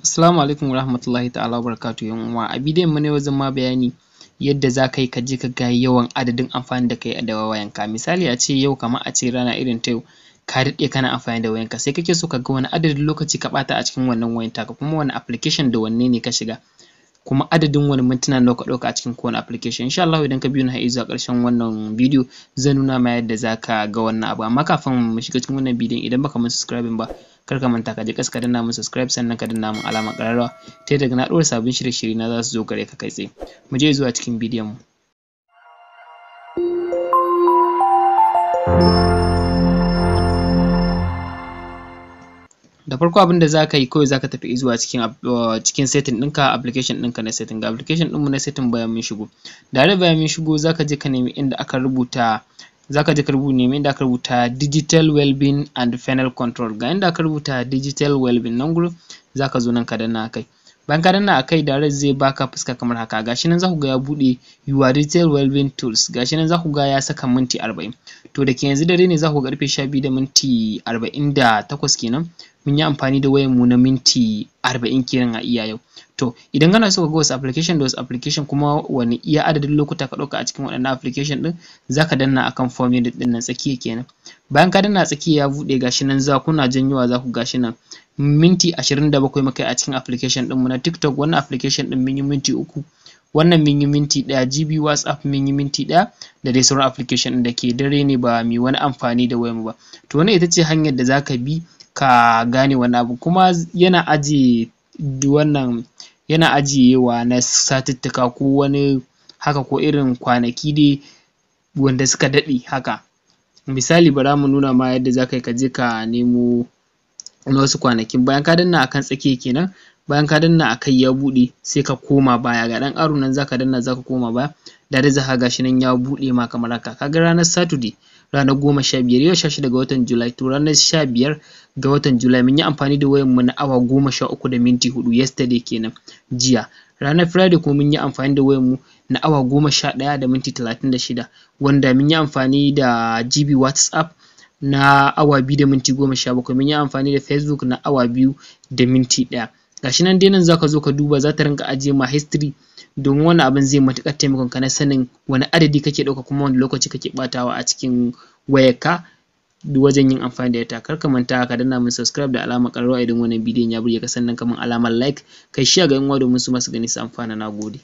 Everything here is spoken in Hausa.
Assalamu alaikum warahmatullahi ta'ala barakatu ‘yan uwa. A bidiyon mu na yau zan ma bayani yadda za ka yi ka je ka ga yawan adadin amfani da kai da wayanka. Misali a ce yau kamar a ce rana irin ta yau ka daɗe kana amfani da wayanka sai kake so ka ga wani adadin lokaci ka ɓata a cikin wannan wayan ka kuma wani application da wanne ne ka shiga. kuma adadin wani mintuna nawa ka ɗauka a cikin kowane application insha Allah idan ka biyo ni har zuwa ƙarshen wannan bidiyo zan nuna ma yadda za ka ga wannan abu amma kafin mu shiga cikin wannan bidiyon idan baka mun subscribing ba kar ka manta ka je kaska ka danna mu subscribe sannan ka danna mu alamar ƙararrawa ta daga na dora sabbin shirye-shirye na za su zo gare ka kai tsaye mu je zuwa cikin bidiyon mu da farko abin da za ka yi kawai zaka ka tafi zuwa cikin uh, cikin setting ɗinka application ɗinka na setting ga application ɗinmu na setting bayan mun shigo da bayan mun shigo zaka je ka nemi inda aka rubuta Za ka je ka rubuta nemi inda aka rubuta digital well-being and final control ga inda aka rubuta digital well-being nan gurin ka zo nan ka danna akai bayan ka danna akai direct zai baka fuska kamar haka gashi nan ku ga ya bude your digital well-being tools gashi nan ku ga ya saka minti 40 to da ke yanzu dare ne ku ga karfe 12 da minti 48 kenan mun yi amfani da wayan mu na minti arba'in kenan a iya yau to idan kana so ka ga wasu application da wasu application kuma wani iya adadin lokuta ka ɗauka a cikin waɗannan application din zaka danna akan form din din nan tsakiya kenan bayan ka danna tsakiya ya bude gashi nan za kuna janyowa za ku gashi nan minti 27 muka yi a cikin application din mu na TikTok wannan application din mun yi minti uku wannan mun yi minti ɗaya GB WhatsApp mun yi minti ɗaya da dai sauran application da ke dare ne ba mai wani amfani da wayar mu ba to wannan ita ce hanyar da zaka bi ka gane wani abu, kuma yana ajiye wannan yana ajiyewa na satuttuka ko wani haka ko irin kwanaki dai wanda suka daɗe haka misali bara mu nuna ma yadda zaka ka je ka nemo na wasu kwanakin bayan ka danna akan tsakiya kenan bayan ka danna akai ya buɗe sai ka koma baya ga ɗan aro nan zaka danna zaka koma baya da za ka ga shi nan ya buɗe ma kamar haka Ka ga ranar saturday ranar goma sha biyar yau sha shida ga watan Julai to ranar sha biyar ga watan Julai mun yi amfani da wayan mu na awa goma sha uku da minti hudu yesterday kenan jiya ranar Friday kuma mun yi amfani da wayan mu na awa goma sha ɗaya da minti talatin da shida wanda mun yi amfani da GB WhatsApp na awa biyu da minti goma sha bakwai mun yi amfani da Facebook na awa biyu da minti ɗaya. gashi nan dai nan zaka zo ka duba za rinka ajiye ma history domin wannan abin zai matuƙar taimakon ka na sanin wani adadi kake ɗauka kuma wani lokaci kake batawa a cikin wayarka wajen yin amfani da ita kar ka manta ka danna min subscribe da alamar ƙararrawa idan wannan bidiyon ya burge ka sannan ka min alamar like kai share ga 'yan uwa domin su ma su gani su amfana nagode